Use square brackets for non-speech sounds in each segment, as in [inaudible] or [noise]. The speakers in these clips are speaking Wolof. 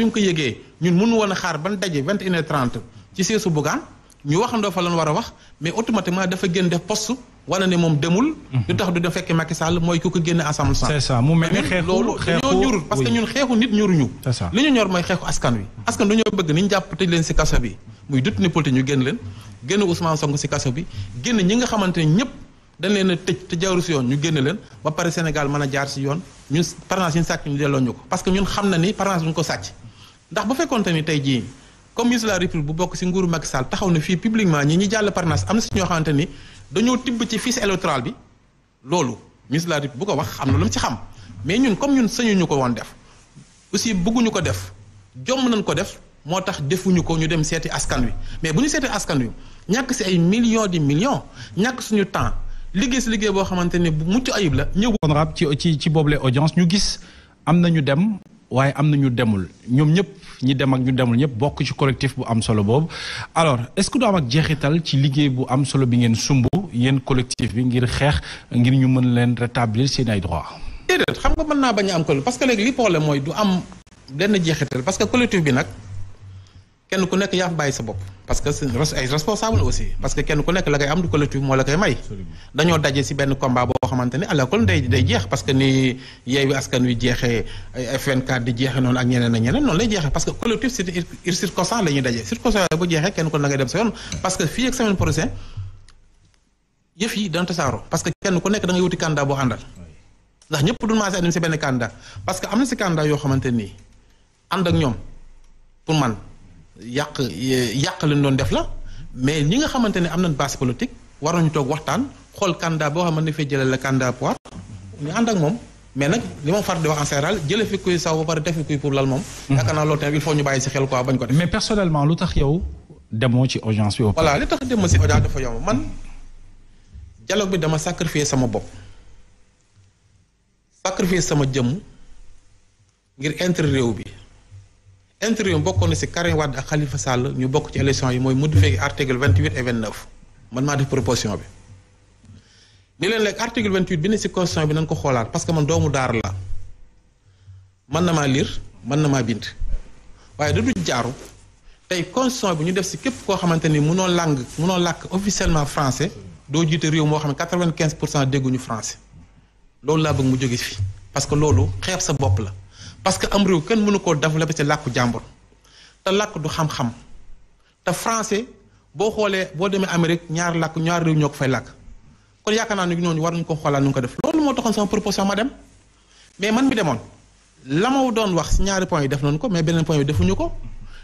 bi mu ko yëgee ñun mënu woon a xaar ban daje vingt et une heure trente ci seesu Bougane ñu waxandoo fa lan war a wax mais automatiquement dafa gën def poste wala ne moom demul. Mhm. lu tax du dem fekk Macky Sall mooy ku ko génne ensemble. c'est ça mu mel ni xeexu loolu dañoo ñurul ñu ñor mooy xeexu askan wi. Mhm. askan dañoo bëgg ni ñu jàpp tëj leen si kaso bi muy dut ni politique ñu génn leen génn Ousmane Sonko si kaso bi génn ñi nga xamante ne ñëpp dañ leen a tëj te jaaru si yoon ñu génn leen ba pare Sénégal mën a jaar si yoon ñun parrainage yi ñu que ñun xam na ni parrainage bu ñu ko sàcc ndax bu fekkoon te ni tey jii comme ministre de la république bu bokk si nguuru mag Sall taxaw na fii publiquement ñi ñi jàll parnas am na si ñoo xamante ni dañoo tibb ci fiche électorale bi loolu ministre de la république bu ko wax xam na lu mu ci xam mais ñun comme ñun sañuñu ko woon def aussi bëgguñu ko def jomm nañ ko def moo tax defuñu ko ñu dem seeti askan wi mais bu ñu seeti askan wi ñàkk si ay millions di millions ñàkk suñu temps liggéey si liggéey boo xamante ne bu mucc ayub la ñëw. kon rab ci ci ci boobule audience ñu gis am na ñu dem. waaye am na ñu demul ñoom ñëpp ñi dem ak ñu demul ñëpp bokk ci collectif bu am solo boobu alors est-ce que du am ak jeexital ci liggéey bu am solo bi ngeen sumb yéen collectif bi ngir xeex ngir ñu mën leen rétablir seen ay droits. déedéet xam nga mën naa bañ a am parce que léegi li problème mooy du am lenn jeexital parce que collectif bi nag. kenn ku nekk yaa fi bàyyi sa bopp parce que ay responsable aussi parce que kenn ku nekk la koy am du collectif moo la koy may dañoo daje si benn combat boo xamante ne ala kon day day jeex parce que la ñuy dem sa yoon parce que fii ak semaine prochaine yëf yi dana tasaaroo parce que kenn ku nekk da ngay wuti candidat boo àndal ndax ñëpp du maase anim si benn candidat parce que am na si candidat yoo xamante nii ànd ak ñoom pour man yàq yàq lañ doon def la mais ñi nga xamante ne am na base politique war nañu toog waxtaan xool candidat boo xamante ne fee jëlee la candidat pouvoir ñu ànd ak moom mais nag li ma far di wax en général fi kuy saw ba pare def fi kuy pour lal moom. Hmm. yaakaar naa loolu tamit il faut ñu bàyyi si xel quoi bañ ko def. mais personnellement lu tax yow demoo ci audience bi. voilà li tax demoo si audience dafa yomb man dialogue bi dama sacrifier sama bopp sacrifier sama jëmm ngir intérêt bi. intérim bokkoon na si Karim Wade ak Khalifa Sall ñu bokk ci élection yi mooy modifié article vingt huit et vingt neuf man maa def proposition bi. ni leen léegi article vingt huit bi ne si constitution bi nañ ko xoolaat parce que man doomu daara la mën na maa liir mën na maa bind waaye da du jaaru tey constitution bi ñu def si képp koo xamante ni mënoo làng mënoo làkk officiellement francais doo jiite réew moo xam ne quatre vingt quinze pour cent dégguñu français loolu laa bëgg mu jóge fi parce que loolu xeeb sa bopp la. parce que am réew kenn mënu koo développé ci làkku jàmbur te làkk du xam-xam te français boo xoolee boo demee Amérique ñaar làkk ñaar réew ñoo ko fay làkk kon yaakaar naa ne ñooñu war nañu ko xoolaat nu ñu ko def loolu moo taxoon sama la ma doon wax si ñaari point yi def nañu ko mais beneen point bi defuñu ko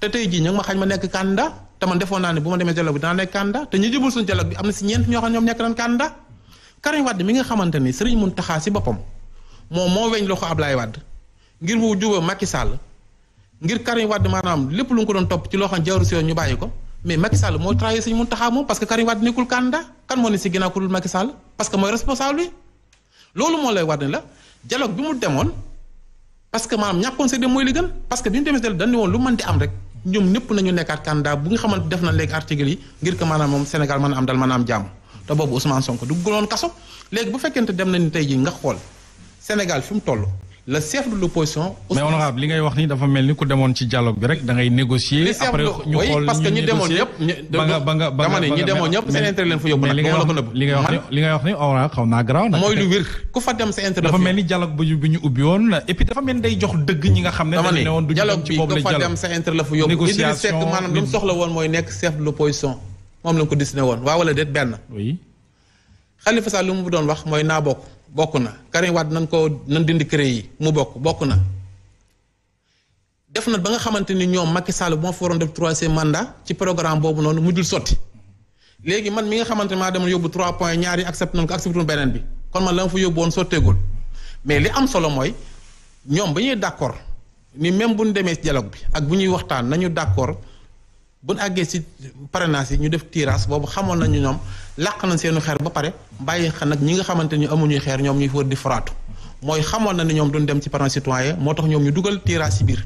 te tey jii ñu ngi ma xañ ma defoon naa ne bu demee dialogue bi dinaa nekk candidat te ñu jubul suñu dialogue bi am na si ñeent ñoo xam ñoom nekk nañ candidat Karim Wade mi nga xamante ni mun taxaa si boppam moom moo weñ loxo lay wàdd ngir mu juba Macky Sall ngir Karim Wade maanaam lépp lu nga ko doon topp ci loo xam jaaru si yoon ñu bàyyi ko mais Macky Sall moo trahir Serigne Mountakha moom parce que Karim Wade nekkul candidat kan si ginnaaw ku dul mooy responsable bi loolu moo lay war ne la dialogue bi mu demoon parce que maanaam ñàkkoon seede mooy li gën parce que bi ñu demee si dañu woon lu mën di am rek ñoom ñëpp nañu nekkaat candidat bu nga xamante def na léegi article yi ngir que maanaam moom Sénégal a am dal mën a am jàmm te boobu Ousmane Sonko du guloon kaso bu fekkente dem nañu tey ji nga xool Sénégal fi mu toll le chef de l'opposition mais honorable li ngay wax ni dafa mel ni ku demoon ci dialogue bi rek da ngay négocier après ñu xool parce que ñu demoon ñëpp ba nga ba nga dama ne ñi demoon ñëpp seen intérêt leen fa yóbbu nag li nga wax li ngay wax li ngay wax ni honorable xaw naa garaaw nag mooy lu wér ku fa dem sa intérêt dafa mel ni dialogue bu bi ñu ubbi woon et puis dafa mel ni day jox dëgg ñi nga xam ne dama ne woon du dialogue bi ku fa dem sa intérêt la fa yóbbu Idriss Seck maanaam lu mu soxla woon mooy nekk chef de l'opposition moom la ko dessiné woon waaw wala déet benn Khalifa Sall lu mu doon wax mooy naa bokk bokk na Karim Wade nan ko nan dindi CREI yi mu bokk bokk na def na ba nga xamante ni ñoom Macky Sall bu ma fa waroon def troisième mandat ci programme boobu noonu mujjul sotti léegi man mi nga xamante maa demoon yóbbu trois point ñaari accepté nañ ko accepté beneen bi kon man la ma fa yóbbu woon sotteegul mais li am solo mooy ñoom ba ñuy d'accord ni même bu ñu demee ci bi ak bu ñuy waxtaan nañu d'accord bu ñu àggee ci parrainage yi ñu def tirage boobu xamoon nañu ñoom. làq nañ seenu xeer ba pare bàyyi xel nag ñi nga xamante ni amuñuy xeer ñoom ñuy wër di foraatu mooy xamoon na ne ñoom duñ dem ci parrain citoyen moo tax ñoom ñu dugal tirage si biir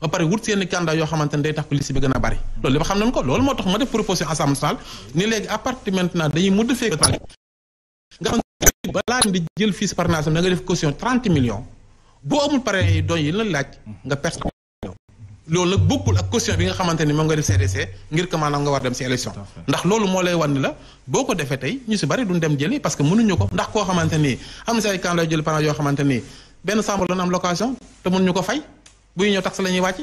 ba pare wut seen i yoo xamante ne day tax ko liste bi gën a bari loolu lépp xam nañ ko loolu moo tax ma def proposition assemblée nationale ni léegi à partir dañuy modifier nga xam ne di jël fiis parrainage da nga def caution 30 millions boo amul parrain yi doon yi la laaj nga perte loolu nag bokkul ak caution bi nga xamante ni moom nga def CDC ngir que maanaam nga war dem si élection ndax loolu moo lay wan la boo ko defee tey ñu si bari duñ dem jëli parce que mënuñu ko ndax koo xamante nii am na si ay camp lay jëli ko fay bu ñu ñëw tax maanaam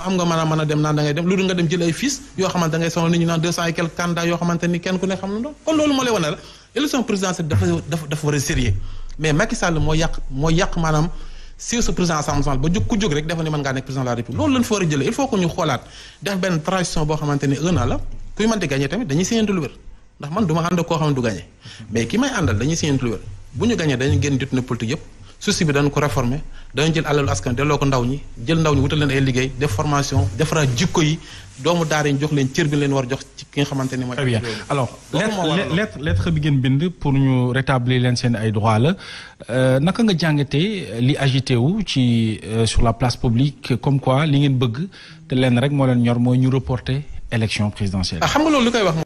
am nga maanaam mën a dem naan da dem lu dul nga dem jël ay fiches yoo xamante ngay sonal nit ñi naan deux cent et quelques candidats yoo xamante ni kenn ku ne xam na doon kon loolu moo lay wan la élection présidentielle dafa dafa dafa war a sérieux mais Macky Sall moo yàq moo yàq maanaam si su président assemblée nationale ba jóg ku jóg rek dafa ne mën ngaa nekk président de la loolu lañ fa war a jëlee il faut que ñu xoolaat def benn transition boo xamante ne un la kuy mënti gagné tamit dañuy séentu lu wér ndax man du ma ànd koo xam du gagné mais ki may àndal dañuy séentu lu wér bu ñu gagné dañu génn jot na politique yëpp suuf bi dañ ko réformer dañu jël alalu askan delloo ko ndaw ñi jël ndaw ñi wutal leen ay liggéey def formation defaraat jikko yi doomu daara jox leen cër bi leen war jox ci ki nga xamante ni mooy. très bien alors lettre lettre bi ngeen bind pour ñu rétablir leen seen ay droits la euh, naka nga jàngatee li agité ci euh, sur la li ngeen bëgg te leen rek moo leen ñor ah, xam nga loolu li koy wax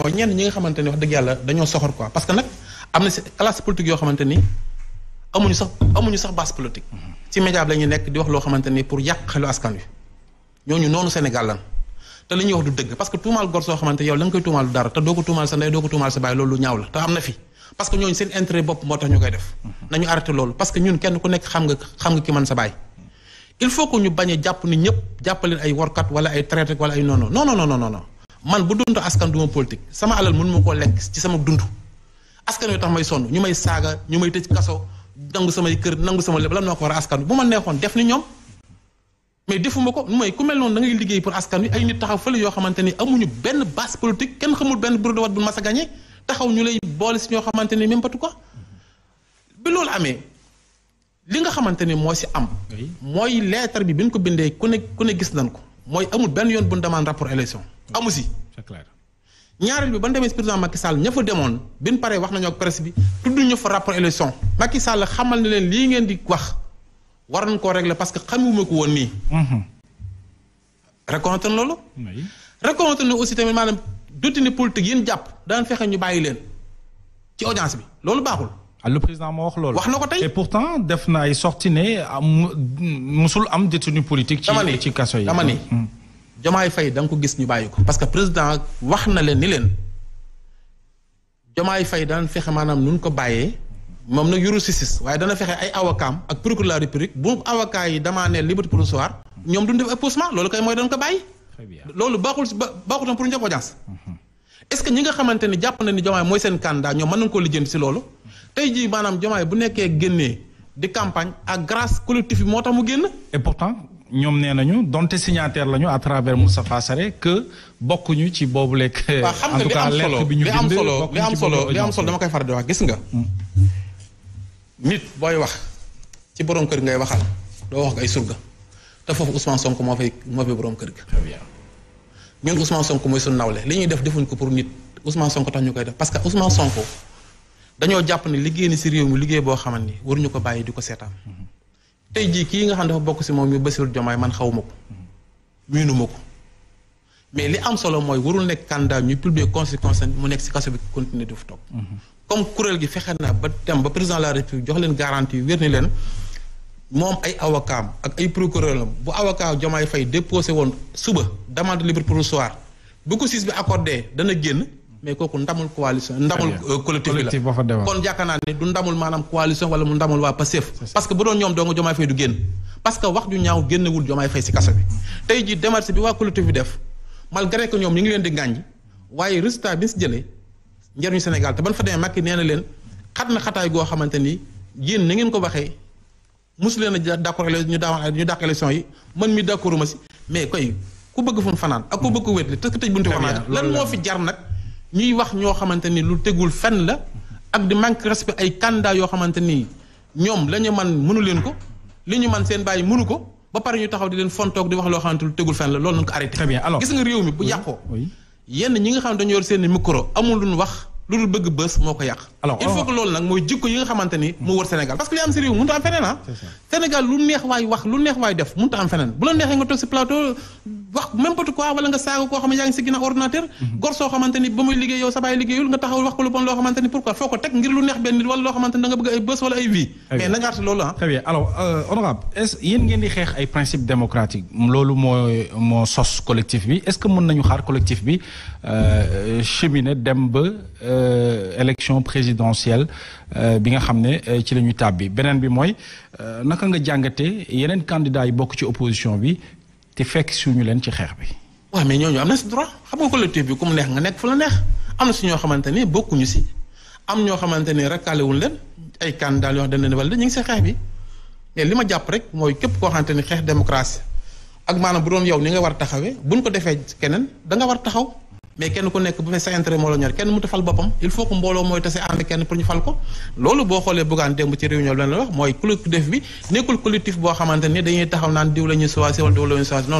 que nag am na si classe politique yoo xamante ni. amuñu sax amuñu sax base politique. Mhm. ci média bi ñu nekk di wax loo xamante ni pour yàq xelu askan wi ñooñu noonu Sénégal lan te li ñuy wax du dëgg parce que tuumaal gor xamante yow la nga koy tuumaal du dara te doo ko tuumaal sa ndey doo ko tuumaal sa baay loolu lu ñaaw la te am na ñu koy mhm. ku nekk xam nga xam nga ki man sa baay. il faut que ñu bañ jàpp ni ñëpp jàppaleen ay workat wala ay traité wala ay non non non non non man bu dund askan du ma sama alal mënu ma koo lekk ci sama dund askan wi tax may sonn ñu may saaga ñu may tëj kaso nangu samay kër nangu sama lépp lan moo ko war a askan wi bu ma neexoon def ni ñoom mais defuma ko mooy ku mel noonu da ngay liggéey pour askan wi ay nit taxaw fële yoo xamante ni amuñu benn base politique kenn xamul benn bureau de vote bu mas a taxaw ñu lay boole si ñoo xamante ni même batu ko bi loolu amee li nga xamante ni moo si am. mooy lettre bi bi ñu ko bindee ku ne ku ne gis nañ ko mooy amul benn yoon bu ñu demande rapport élection amu si. c'est ñaareel bi ban demee si président Macky Sall ña fa demoon bin pare wax nañu ak presse bi tudd ñu fa rapport élection Macky Sall xamal ne leen lii ngeen di wax war nañ koo régler parce que xamuma ko woon nii. Mhm. reconnaître loolu. reconnaître na aussi tamit maanaam dutini politique yi jàpp daan fexe ñu bàyyi leen ci audience bi loolu baaxul. Ah, le président moo wax loolu. wax na ko tey et pourtant def na ay sorties ne ah, musul am détenu politique. ci ci kaso yi Jomaay Fay da nga ko gis ñu bàyyi ko parce que président wax na leen ni leen Jomaay Fay daan fexe maanaam nun ko bàyyee moom nag yoru sisis waaye dana fexe ay avocam ak procureur de la république bu avocat yi demandé liberté provisoire ñoom duñ def opposement loolu kay mooy dañ ko bàyyi loolu baaxul si baaxutam pour ñu def audience ce que ñi nga xamante ne jàpp na ni Jomaay mooy seen candidat ñoom mën nañ ko lijjanti si loolu tey jii maanaam Jomaay bu nekkee génnee di campagne ak grâce collectif bi moo tax mu génn et pourtant ñoom nee nañu donte signataire lañu à travers Moustapha Sarré que bokkuñu ci boobu lekk. [laughs] en tout cas lettre bi ñu bind li am solo li am solo dama koy faral di wax gis nga. Mm. nit booy wax ci borom kër ngay waxal doo wax ay surga te foofu Ousmane Sonko moo fay moo fay borom kër gi. ñun Ousmane Sonko mooy suñu nawle li ñuy def defuñ ko pour nit Ousmane Sonko tax ñu koy def parce que Ousmane Sonko dañoo jàpp ne liggéey ni si réew mi liggéey boo xamante ni waruñu ko bàyyi di ko seetaan. tey jii kii nga xam ne dafa bokk si moom yu Bassirou Diomaye man xaw ma ko miinu ma ko mais li am solo mooy warul nekk candidat ñuy publier conséquence mu nekk si kaso bi continuer di fa toog comme kuréel gi fexe na ba dem ba président la république jox leen garantie wér ni leen moom ay avocat ak ay procureur am bu avocat Diomaye fay déposé woon suba demande libre provisoire bu ko siis bi accordé dana génn mais kooku ndamul coalition ndamul euh, collectif la kon yaakaar naa ne du ndamul maanaam coalition wala mu ndamul waa Pastef parce que bu doon ñoom doo nga Diomaye Faye du génn parce wax ju ñaaw génnewul Diomaye Faye si kaso bi tey jii démarche bi waa collectif bi def malgré que ñoom ñu ngi leen di ngàññ waaye résultat bi si jëlee njëriñu Sénégal te ban fa demee Macky nee na leen xat na xataay goo xamante ni yéen na ngeen ko waxee mosu leen a d'accord ñu daaw ñu dàq élection yi man mi d'accorduma si mais koy ku bëgg fu mu fanaan ak lan moo fi jar nag ñuy wax ñoo xamante ni lu tegul fenn la ak di manque respect ay kàndaay yoo xamante ni ñoom lañu ñu man mënu leen ko li ñu man seen bàyyi mënu ko ba pare ñu taxaw di leen fontoog di wax loo xamante lu tegul fenn la loolu nañ ko arrêté. très alors gis nga réew mi bu yàqoo. yenn ñi nga xam ne dañu yor seen micro amul lu ñu wax lu dul bëgg bës moo ko yàq. alors il faut que loolu nag mooy jikko yi nga xamante ni mu wër Sénégal parce que li am si a am feneen ah Sénégal lu neex waay wax lu neex waay def mënut a am feneen bu la neexee nga toog si plateau wax n'importe quoi wala nga saaga koo xam ne yaa ngi si ginnaaw ordinateur mhm. gor soo xamante ni ba muy liggéey yow sa baay liggéeyul nga taxaw wax ko lu bon loo xamante ni pourquoi foo ko teg ngir lu neex benn nit bëgg ay bës wala ay vie mais na nga loolu ah très euh, ngeen di xeex ay principe démocratique loolu mooy moo sos collectif bi est-ce que mën nañu xaar collectif bi euh, cheminer dem ba euh, élection présidentielle présidentielle euh, bi nga xam ne euh, ci la ñu tàbbi beneen bi mooy euh, naka nga jàngate yeneen candidats yi bokk ci opposition bi te fekk suñu leen ci xeex bi. waaw mais ñooñu am na si droit xam nga collectif bi ku mu neex nga nekk fu la neex am na si ñoo xamante ne bokkuñu si am ñoo xamante ne rakkaale wuñ leen ay candidats yoo xam dañ leen wala ñu ngi si xeex bi mais li ma jàpp rek mooy képp koo xamante ne xeex démocratie ak maanaam bu doon yow ni nga war taxawee buñ ko defee keneen da mais kenn ku nekk bu fee sa intérêt moo la ñor kenn mu tafal boppam il faut que mbooloo mooy tase ànd kenn pour ñu fal ko loolu boo xoolee buggaan démb ci réunion bi lan la wax mooy collectif bi nekkul collectif boo xamante ni dañuy taxaw naan diw la ñuy choisir wala diw